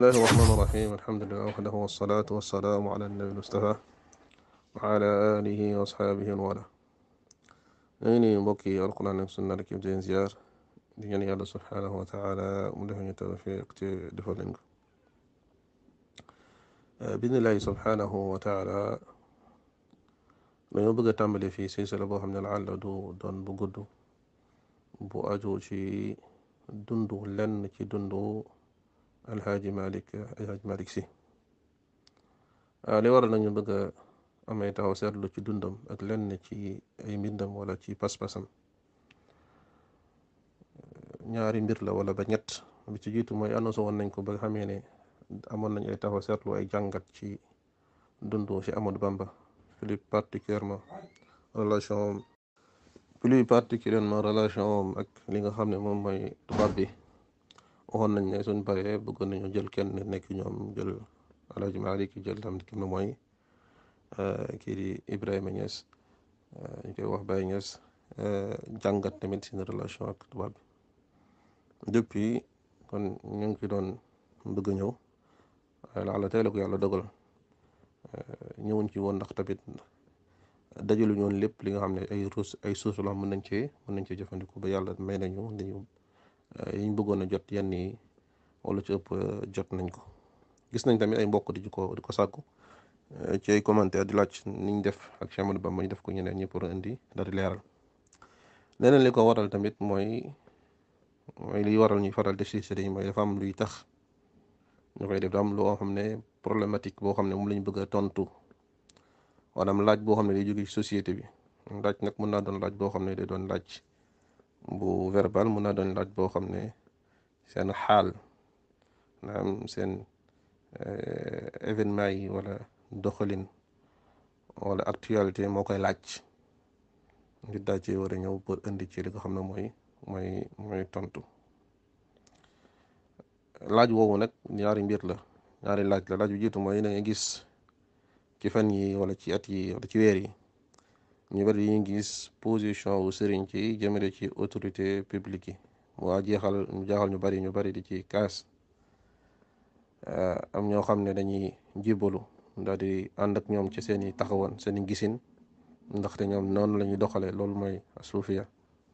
الله الرحمن الرحيم الحمد لله وحده والصلاة والسلام على النبي المصطفى وعلى آله وأصحابه وله ñu ngi mbokk yi alquran ak sunna rek di leen ziyaar di ñaan yàlla subhaanahu wa taala mu def ñu tawfiq te defal leen ko bidnillahi subhaanahu wa taala dañoo bëgg a tàmbali fii silsila boo xam ne laalla du doon bu gudd bu aju ci dundu lenn ci dundu alxaaji malik alxaaji malik si ah, li waral nañu bëgg a amay taxaw seetlu ci dundam ak lenn ci ay mbindam wala ci pas-pasam ñaari mbir la wala ba ñett bi ci jiitu mooy annoncé woon nañ ko ba nga xamee ne amoon nañ ay taxaw seetlu ay jàngat ci dundu ci Amadou Bamba plus particulièrement relation plus particulièrement relation ak li nga xam ne moom mooy tubaab bi waxoon nañ ne suñ paree bëggoon nañu jël kenn nekk ñoom jël Alaaji Maalik jël tamit ki mooy euh, kii di Ibrahima Niass euh, ñu koy wax Baye Niass euh, jàngat tamit seen relation ak tubaab bi depuis kon ñu ngi ci doon bëgg ñëw waaye la tey la ko yàlla dogal ñëwuñ ci woon ndax tamit dajalu ñoon lépp li xam ne ay ressources ay sources la mën nañ cee mën nañ cee jëfandikoo ba yàlla may nañu dañu Euh, yiñ bëggoon a jot yenn yi wala ci ëpp euh, jot nañ ko gis nañ tamit ay mbokk di ko di ko sàkku euh, ci ay commentaire di laaj niñ def ak Cheikh ba Bamba ñu def ko ñeneen ñi pour indi daal leeral leneen li ko waral tamit mooy mooy liy waral ñuy faral di si sëriñ mooy am luy tax ñu koy def da am loo xam ne problématique boo xam ne moom lañ bëgg a tontu wala laaj boo xam ne day jóge ci société bi laaj nag mën naa doon laaj boo xam ne day doon laaj bu verbal mun naa doon laaj boo xam ne seen xaal naam seen eh, événement yi wala doxalin wala actualité moo koy laaj ngir daa ci war a ñëw pour indi ci li xam ne mooy mooy tontu laaj woowu nag ñaari mbir la ñaari laaj la laaj bu jiitu mooy da gis ci fan yi wala ci at yi wala ci weer yi ñu bari yi ngi gis position wu sëriñ ci jëmale ci autorité publique yi mu jeexal mu ñu bari ñu bari di ci kaas ah, am ñoo xam ne dañuy jébbalu daal di ànd ak ñoom ci seen i taxawoon seen i gisin ndaxte ñoom noonu la ñuy doxalee loolu mooy suufiya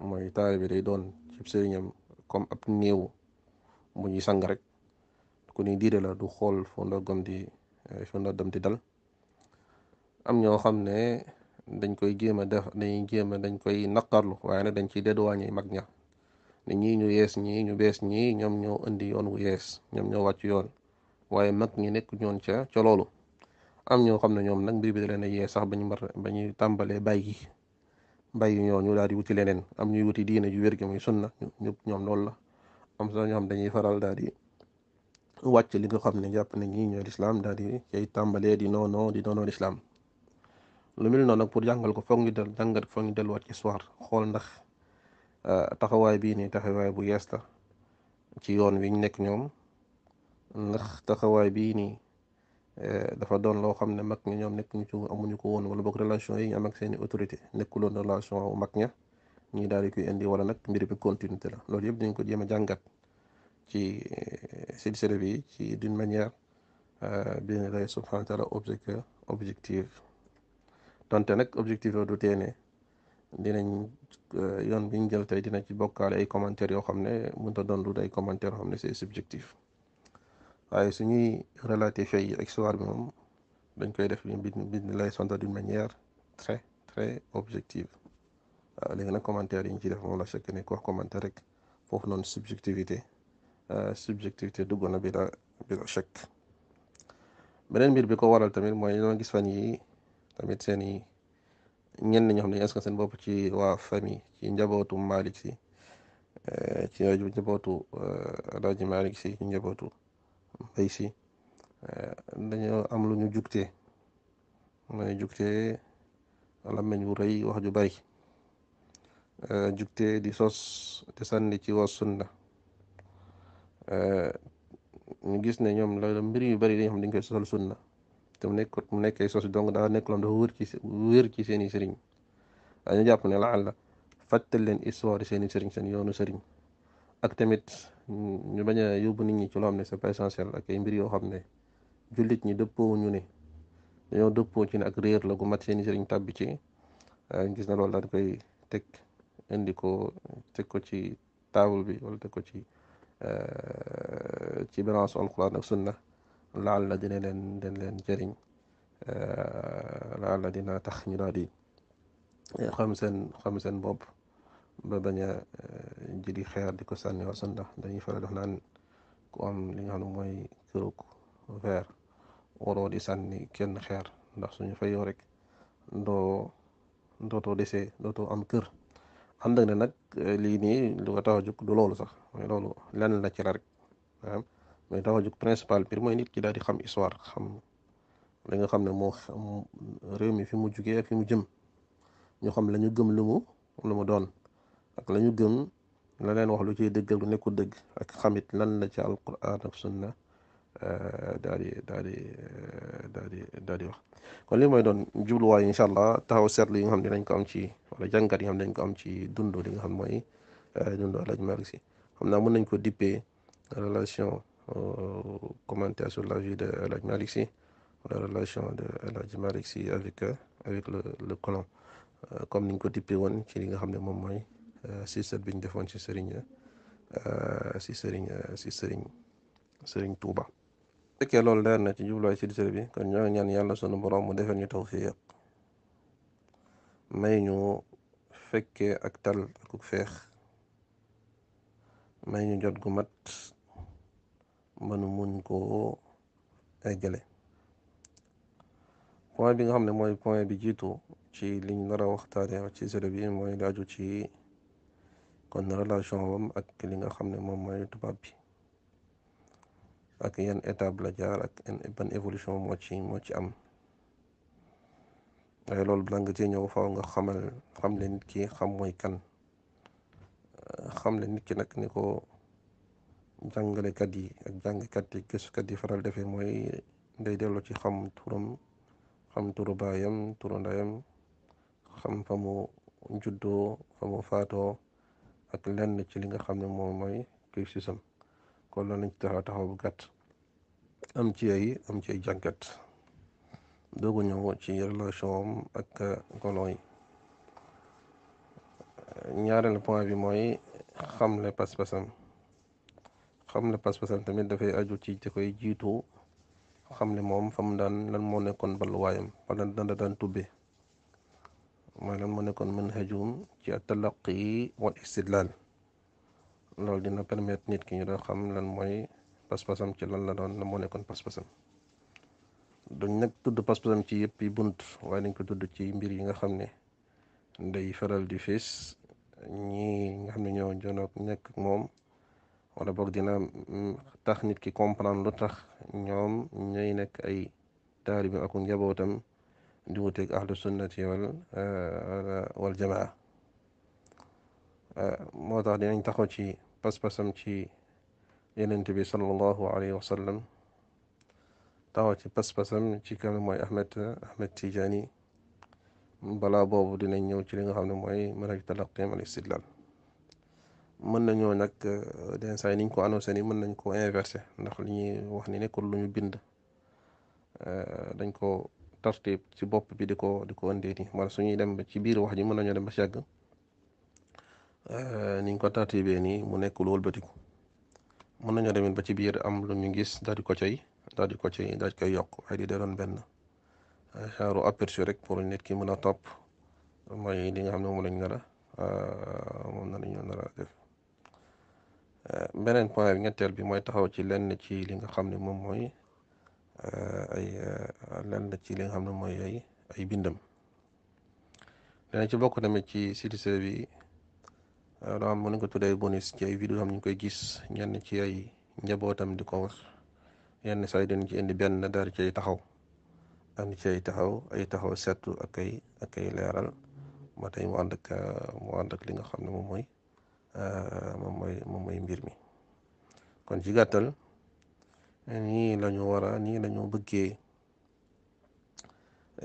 mooy taalibe day doon ci sëriñam comme ab néew bu ñuy sang rek ku ni diire la du xool fu ndoggam di eh, fu ndoggam di dal am ñoo xam ne. dañ koy jéem a def dañuy jéem a dañ koy naqarlu waaye nag dañ ciy dédduwaañey mag ña ne ñii ñu yees ñii ñu bees ñii ñoom ñoo indi yoon wu yees ñoom ñoo wàcc yoon waaye mag ñi nekk ñoon ca ca loolu am ñoo xam ne ñoom nag mbir bi da yee sax bañu mar ba ñu tàmbalee bàyyi bàyyi ñoo ñu daal di wuti leneen am ñuy wuti diine ju wér gi muy sunna ñoom loolu la am sax ñoo xam dañuy faral daal di wàcc li nga xam ne jàpp ne ñii ñooy lislaam daal di cay tàmbalee di noonoo di noonoo lislaam lu mel noonu nag pour jàngal ko foog ñu del jàngat foog ñu delluwaat ci histoire xool ndax euh, taxawaay bii nii taxawaay bu yees la ci yoon wi ñu nekk ñoom ndax taxawaay bii nii euh, dafa doon loo xam ne mag ñi ñoom nekk ñu ci amuñu ko woon wala bokk relation yi ñu am seeni autorité nekkuloon relation mag ña ñii daal di koy indi wala nag mbir bi continuité la loolu yëpp dañ ko jéem a jàngat ci euh, silsile bi ci d'une manière bien lay subhanahu wa taala objectif donte nag objectif du teene ne dinañ euh, yoon biñ jël tey dina ci bokkaale ay commentaires yoo xam ne mënut a doon lu ay commentaires yoo xam ne c'est subjectif waaye suñuy relater fay histoire bi moom dañ koy def bi bind lay sonta d'une manière très très objective waaw léegi nag commentaire yi ñu ci def moom la chaque ne ku commentaire rek foofu noon subjectivité euh, subjectivité dugg na bi la bi la chèque beneen mbir bi ko waral tamit mooy ñoo gis fan yi tamit seeni i ñenn ñoo xam seen bopp ci waa famille ci njabootu Malik eh, eh, si ci njabootu Alaaji Malik si njabootu Mbay si dañoo am lu ñu jugtee mooy jugtee làmmiñ wu rëy wax ju bari jugtee di sos di sànni ci waa sunna eh, ñu gis ne ñoom la mbir yu bari dañoo xam dañ koy sosal sunna te mu nekk mu nekkee sos donc daa nekk loon dafa wër ci wër ci seen i sëriñ jàpp ne la àlla fàttal leen histoire seen i sëriñ seen yoonu sëriñ ak tamit ñu bañ a yóbbu nit ñi ci loo xam ne c'est pas ak ay mbir yoo xam ne jullit ñi dëppoo ñu ne dañoo dëppoo ci ne ak réer la gu mat seen i sëriñ tàbbi ci gis na lool daal koy teg indi ko teg ko ci taabul bi wala teg ko ci ah, ci balance alquran ak sunna laal la dina leen den leen jëriñ euh, laal la dina tax ñu daal di eh, xam seen xam seen bopp ba bañ a euh, jëli xeer di ko sànni war sanda dañuy faral def naan ku am li nga xam ne mooy kërug verre di sanni kenn xeer ndax suñu fayoo rek doo dootoo desee dootoo am kër am ak ne nag eh, lii nii lu ko tax a jóg du loolu sax mooy loolu lenn la ci la rek mais tax a jug principal mbir mooy nit ki daal di xam histoire xam li xam ne moo xam réew mi fi mu jugee fi mu jëm ñu xam lañu ñu gëm lu mu lu mu doon ak lañu gëm la leen wax lu ciy dëggal lu nekkul dëgg ak xamit lan la ci alquran ak sunna euh, daal di daal di euh, daal di daal di wax kon li mooy doon jubluwaay incha allah taxaw seetlu yi nga xam ne dinañ ko am ci wala jàngat yi nga xam ne dinañ ko am ci dund li nga xam mooy euh, dund Alaaji Maalik Si xam naa mën nañ ko dippee relation Euh, commentaire sur la vie de El Malik Sy la relation de El Malik Sy avec euh, le colon euh, comme niñ ko tippee woon ci li nga xam ne moom mooy système bi ñu defoon ci sëriñ si sëriñ si sëriñ sëriñ Touba. fekkee loolu leer na ci jubluwaay ci disere bi kon ñoo ñaan yàlla sunu borom mu defal ñu tawfiq may ñu fekkee ak tal feex may ñu jot gu mat ba nu muñ koo eggale point bi nga xam ne mooy point bi jiitu ci liñ nar a waxtaane ci sere bi mooy laaju ci kon relation wam ak li nga xam ne moom mooy tubaab bi ak yan étape la jaar ak ban évolution moo ci moo ci am waaye loolu balaa nga cee ñëw faaw nga xamal xam le nit ki xam mooy kan xam le nit ki nag ni ko jàngalekat yi ak jàngkat yi gëstukat yi faral defee mooy day dellu ci xam turam xam turu baayam turu ndeyam xam famu mu juddoo fa mu ak lenn ci li nga xam ne moom mooy kii sisam kon loolu ci taxaw taxaw bu am ci ay am ci ay jàngat doogu ñëw ci relation am ak colon yi ñaareel point bi mooy xamle pas-pasam xam ne pas-pasam tamit dafay aju ci ci koy jiitu xam ne moom fa mu daan lan moo nekkoon balluwaayam wala lan la daan tubbe mooy lan moo nekkoon manhajum ci at-talaqi wal istidlal loolu dina permettre nit ki ñu doon xam lan mooy pas-pasam ci lan la doon lan moo nekkoon pas-pasam duñ nag tudd pas-pasam ci yëpp yi bunt waaye dañ ko tudd ci mbir yi nga xam ne day faral di fis ñi nga xam ne ñoo jonoog nekk moom wala boog dina mm, tax nit ki comprendre lu tax ñoom ñooy nekk ay taalibi ak njabootam di wuteeg ahlu sunnati wal eh, wal jamaa eh, moo tax dinañ taxaw ci pas-pasam ci yenent bi sallallahu alayhi wa sallam taxaw ci pas-pasam ci kan mooy Ahmed Ahmed Tijani balaa boobu dinañ ñëw ci li nga xam ne mooy manhaj talaqim al istidlal mën nañoo nag den saa yi niñ ko annoncé ni mën nañ ko inversé ndax li ñuy wax ni nekkul lu ñu bind euh, dañ ko tartib ci bopp bi di ko di ko indee nii wala suñuy dem ci biir wax ji mën nañoo dem ba si yàgg euh, niñ ko tartibee nii mu nekk lu mën nañoo demit ba ci biir am lu ñu gis daal ko cay daal di ko cay daal di koy yokk waaye di dee doon benn euh, genre aperçu rek pour nit ki mën a topp mooy li nga xam ne moom lañ nar a moom la ñu nar def. beneen point bi ñetteel bi mooy taxaw ci lenn ci li nga xam ne moom mooy euh, ay euh, lenn ci li xam ne mooy ay ay bindam dana ci bokk tamit ci CITES bi loo xam ne ko tuddee bonus ci ay vidéo xam ñu koy gis ñenn ci ay njabootam di ko wax yenn saa dañ ci indi benn daal ci ay taxaw am ci ay taxaw ay taxaw seetlu ak ay ak leeral ba tey mu ànd ak euh, mu li nga xam ne moom mooy moom mooy moom mooy mbir mi kon ci gàttal nii lañu war a nii lañu bëggee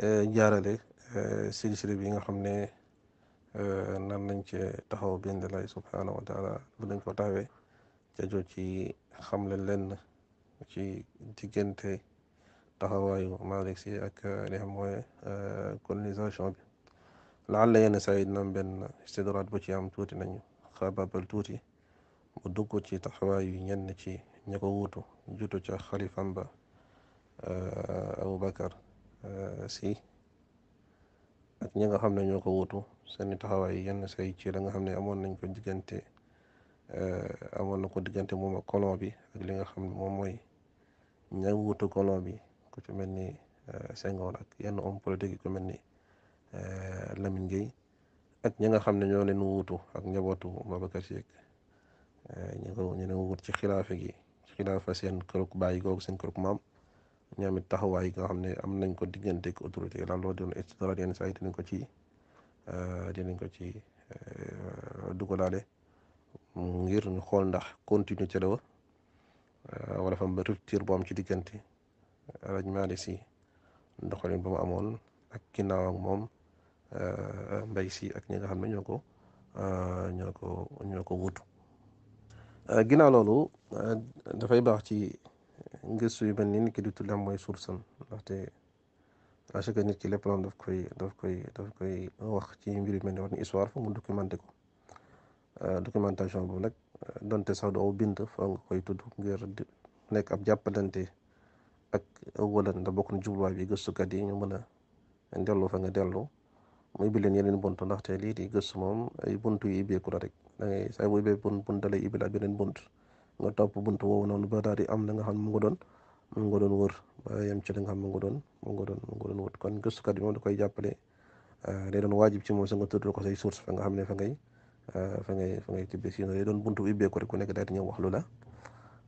eh, jaarale eh, silsile bi nga xam ne eh, nan lañ ci taxaw bind lay subhanahu wa taala bu lañ ko taxawee jajoo ci xamle lenn ci diggante taxawaayu Malick Sy ak li xam mooy colonisation bi laal la yenn saa yi dina am benn istidraat bu ci am tuuti nañu xaabaabal tuuti mu dugg ci taxawaayu na ci ña ko wuutu jutu ca xalifam ba eh, Aboubacar eh, si ak ñi nga xam ne ñoo ko wuutu seeni taxawaay yenn say ci la nga xam ne amoon nañ ko diggante eh, amoon na ko diggante moom ak colon bi ak li nga xam ne moom mooy ña wuutu colon bi ku ci mel ni Senghor ak yenn homme politique yi ku mel ni Lamine Gueye ak ñi nga xam ne ñoo leen wuutu ak njabootu Babacar Sy Eh, ñu ñu ne wut ci xilaafa gi ci xilaafa seen kërug bàyyi googu seen kërug maam ñoom it taxawaay yi nga xam ne am nañ ko diggante ak autorité yi loolu doon istidrak yenn saa yi dinañ ko ci eh, dinañ ko ci eh, dugalaale ngir ñu xool ndax continuité la wala fam ba rupture bu am ci diggante raj maali si doxalin ba mu amoon ak ginnaaw ak moom mbay si ak ñi nga xam ne ñoo ko ñoo ko ñoo Euh, ginnaaw loolu euh, dafay baax ci ngëstu yu mel ni nit ki di tudd mooy source am ndaxte à chaque nit ki lépp loolu daf koy daf koy wax ci mbir yu mel ni wax ni histoire fa mu documenté euh, documentation boobu nag donte sax du aw bind fa nga koy tudd nekk ab jàppalante ak wala da bokk na jubluwaay bi gëstukat yi ñu mën a dellu fa nga dellu muy bi leen yeneen bunt ndaxte lii di gëstu moom ay bunt yu ibbeeku la rek da ngay saa bu ibbee bunt bunt dalay ibbil ak beneen bunt nga topp bunt woowu noonu ba daal di am la nga xam mu nga doon mu nga doon wër ba yem ci la nga xam mu nga doon mu nga doon mu nga doon wër kon gëstukat bi moom da koy jàppale day ah, doon waajib ci moom sa nga tuddal ko say source fa nga xam ne fa ngay ah, fa ngay fa ngay tibbee si day doon bunt bu ibbeeku rek ku nekk daal di ñëw wax lu la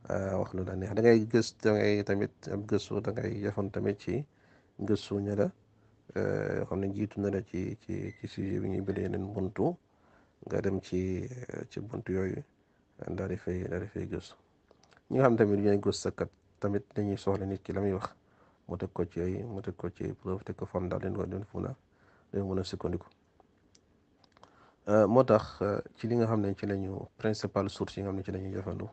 ah, wax lu la neex da ngay gës da ngay tamit am gëstu da ngay jafoon tamit ci gëstu ña la Euh, yoo xam ne jiitu na la ci ci ci sujet bi ñuy bëri yeneen buntu nga dem ci ci buntu yooyu daal di fay daal di ñi nga xam tamit ñooy sakat tamit dañuy soxla nit ki la wax mu teg ko ci ay mu teg ko ci preuve teg ko fam daal ko leen funa leen mën a sukkandiku euh, moo tax euh, ci li nga xam ne ci lañu principal source yi nga xam ne ci lañu jëfandu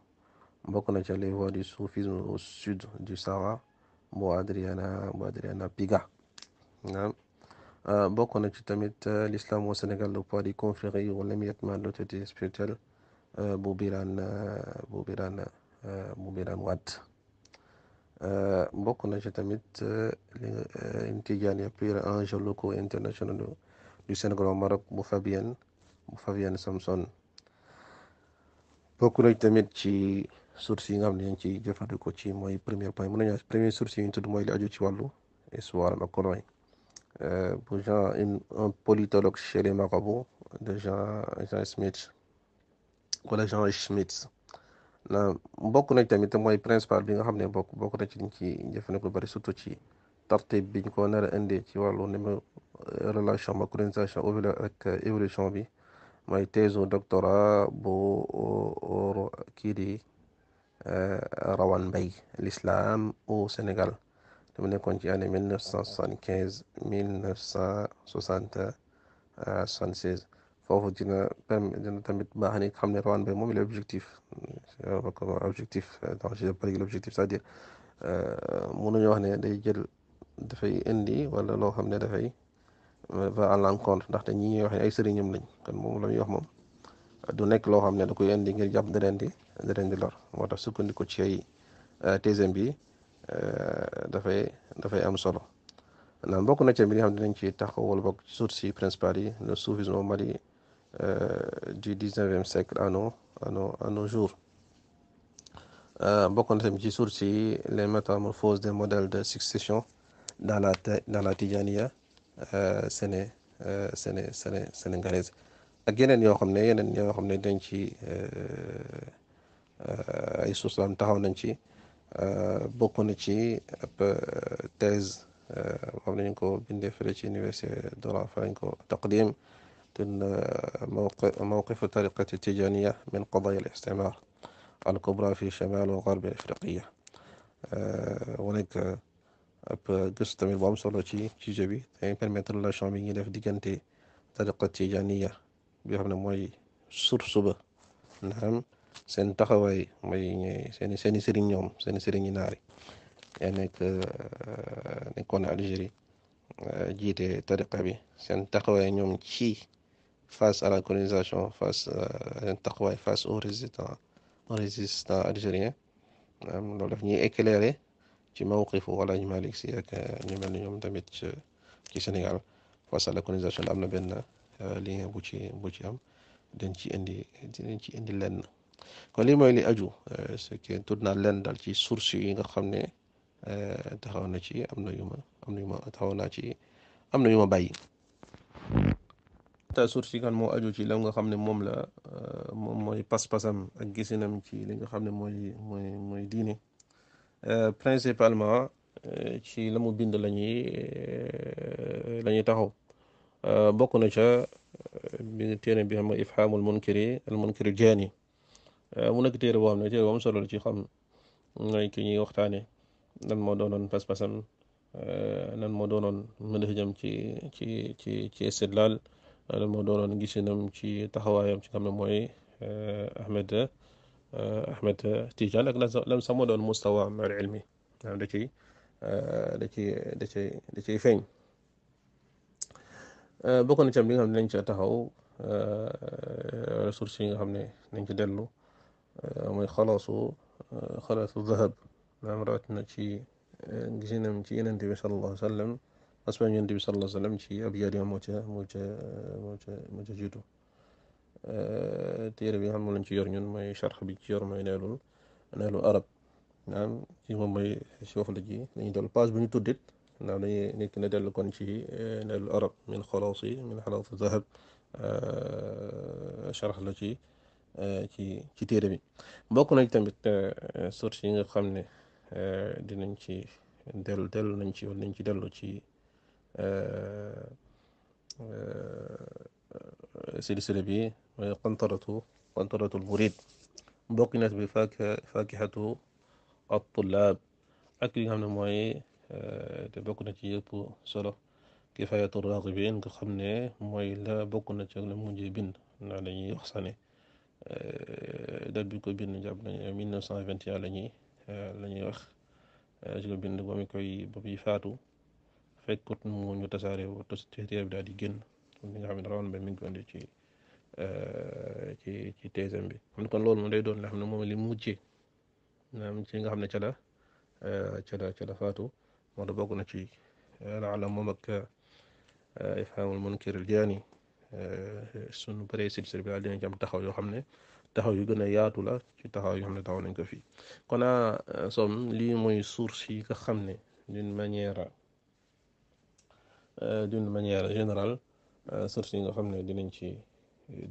mbokk na ca les voies du soufisme au sud du Sahara bu Adriana bu Adriana Piga naam euh, bokk na ci tamit euh, l'islam au Sénégal le poids des confréries wala l'émiettement de l'autorité spirituelle euh, bu Birane bu Birane bu Birane Wade tamit na ci tamit une Tidiane pure enjeux locaux internationaux du Sénégal au Maroc bu Fabienne bu Fabienne Samson bokk na tamit ci source yi nga xam ne ci jëfandikoo ci mooy premier point mën nañu premier source yi ñu tudd mooy li aju ci wàllu histoire ak Coran bu euh, Jean un politologue chez les de Jean Jean Smith wala Jean Schmitt na bokk nañ tamit mooy principal bi nga xam ne bokk bokk na ci liñ ci jëfandikoo lu bari surtout ci tartib biñ ko nar a indee ci wàllu ni mu euh, relation ma colonisation ak euh, évolution bi mooy thèse doctorat bu kii di Rawane Mbaye l'islam au Sénégal mu nekkoon ci année mille neuf cent soixante quinze mille neuf cent soixante soixante seize foofu dina dina tamit baax ni xam ne rawaan bay moom il est objectif euh, comme objectif euh, donc je parle de dire mënuñu wax ne day jël dafay indi wala loo xam ne dafay euh, va à ndaxte ñi ñuy wax ne ay sëriñam lañ kon moom la ñuy wax moom du nekk loo xam ne da koy indi ngir jàpp da leen di da leen di lor moo tax sukkandiku ci ay thèse bi Euh, dafay dafay am solo naan bokk na ci bi nga xam ne dinañ ci taxaw wala bokk ci source yi principal yi le Mali euh, du dix-neuvième siècle à nos à jours euh, bokk na tamit ci source si les métamorphoses des modèles de succession dans la dans la Tijaniya séné séné séné sénégalaise ak yeneen yoo xam ne yeneen yoo xam ne dañ ci ay source am taxaw nañ ci Euh, bokk na ci ab euh, thèse xam euh, nañ ko bindee fële ci université d'Oran ko taqdim tun mawqifu tariqati tijaniya min qadaya al istimar al kubra fi shamal wa garb al afriqiya mu nekk ab gëstu tamit bu solo ci ci jeu bi dañuy permettre relation bi ñuy def diggante tariqa tijaniya bi xam mooy source ba seen taxawaay mooy seen i seen i sëriñ ñoom seen i sëriñ naari yaa nekk euh, nekkoon Algérie euh, jiite tariqa bi seen taxawaay ñoom ci face à la colonisation face euh, seen taxawaay face au résistant au résistant algérien loolu daf ñuy éclairer ci mawqifu wala ñu Malick Sy ak ñu ñoom tamit ci Sénégal face à la colonisation am na benn lien bu ci bu ci am dañ ci indi dañ ci indi lenn. kon lii mooy li aju euh, ce que naa leen daal ci source yi nga xam ne euh, taxaw na ci am na yu ma am na yu taxaw naa ci am na yu ma bàyyi te source yi kan moo aju ci la nga xam ne moom la euh, moom mooy pas-pasam ak gisinam ci li nga xam ne mooy mooy mooy diine principalement ci la mu bind la ñuy la taxaw bokk na ca bi téere bi xam nga ifhaamul munkiri al munkiri jaani Euh, mu nekk boo xam ne téere bu am solo la ci xam ngay ki ñuy waxtaane lan moo doonoon pas-pasam lan euh, moo doonoon mënafijam ci ci ci ci istidlaal lan moo doonoon gisinam ci taxawaayam ci xam ne mooy euh, Ahmed Ahmed Tidiane ak lan sax moo doon mustawaam al ilmi da ciy da ciy da da ciy feeñ bokk na ci nga xam ne nañ ca taxaw ressources yi nga xam ne nañ ci dellu mooy xalaasu xalaasu zahab maanaam rawat na ci gisinam ci yenente bi sallallahu alayhi wa sallam asmaan yenente bi sallallahu alayhi wa sallam ci ab jaariya moo ca moo ca moo ca moo ca jiitu téere bi nga xam ne lañ ci yor ñun mooy charx bi ci yor mooy neelul neelu arab naam ci moom mooy foofu la ji dañuy dellu page bu ñu tuddit naam dañuy nit ki dellu kon ci neelu arab min xalaasi min xalaasi zahab charx la ci Euh, ci ci téere bi bokk nañ tamit euh, euh, source yi nga xam ne dinañ ci dellu dellu nañ ci wala nañ ci dellu ci silsila bi mooy qantaratu qantaratu lmurid bokk na bi fak fakihatu at-tullab ak li xam ne mooy te bokk na ci yëpp solo kifayatu bi nga xam ne mooy la bokk na ci la mujjee bind naa la Euh, date ko bind jàpp nañu mille neuf cent vingt la ñuy euh, la ñuy wax euh, ci bind ba mu koy ba muy faatu fekkut mu ñu tasaare wu téere bi daal di génn li nga xam ne rawan ba mi ngi ko indi ci ci ci teesam bi kon kon loolu moom doon xam ne moom li mujjee naam ci nga xam ne cada la ca la faatu moo da bokk na ci laala moom ak ifhaamul munkir al Eh, eh, sunu paree si bi daal am taxaw yoo xam ne taxaw yu gën a yaatu la ci taxaw yoo xam ne taxaw nañ ko fii kona a ah, eh, som lii mooy source yi nga xam ne d'une manière d'une manière générale source yi nga xam ne dinañ ci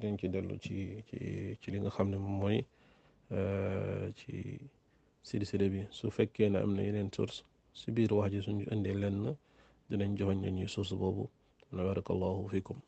dinañ ci dellu ci ci ci li nga xam ne moom mooy ci silsila bi su fekkee ne am na yeneen source si biir wax ji suñu indee lenn dinañ joxoñ ñuy source boobu na barakallahu fikum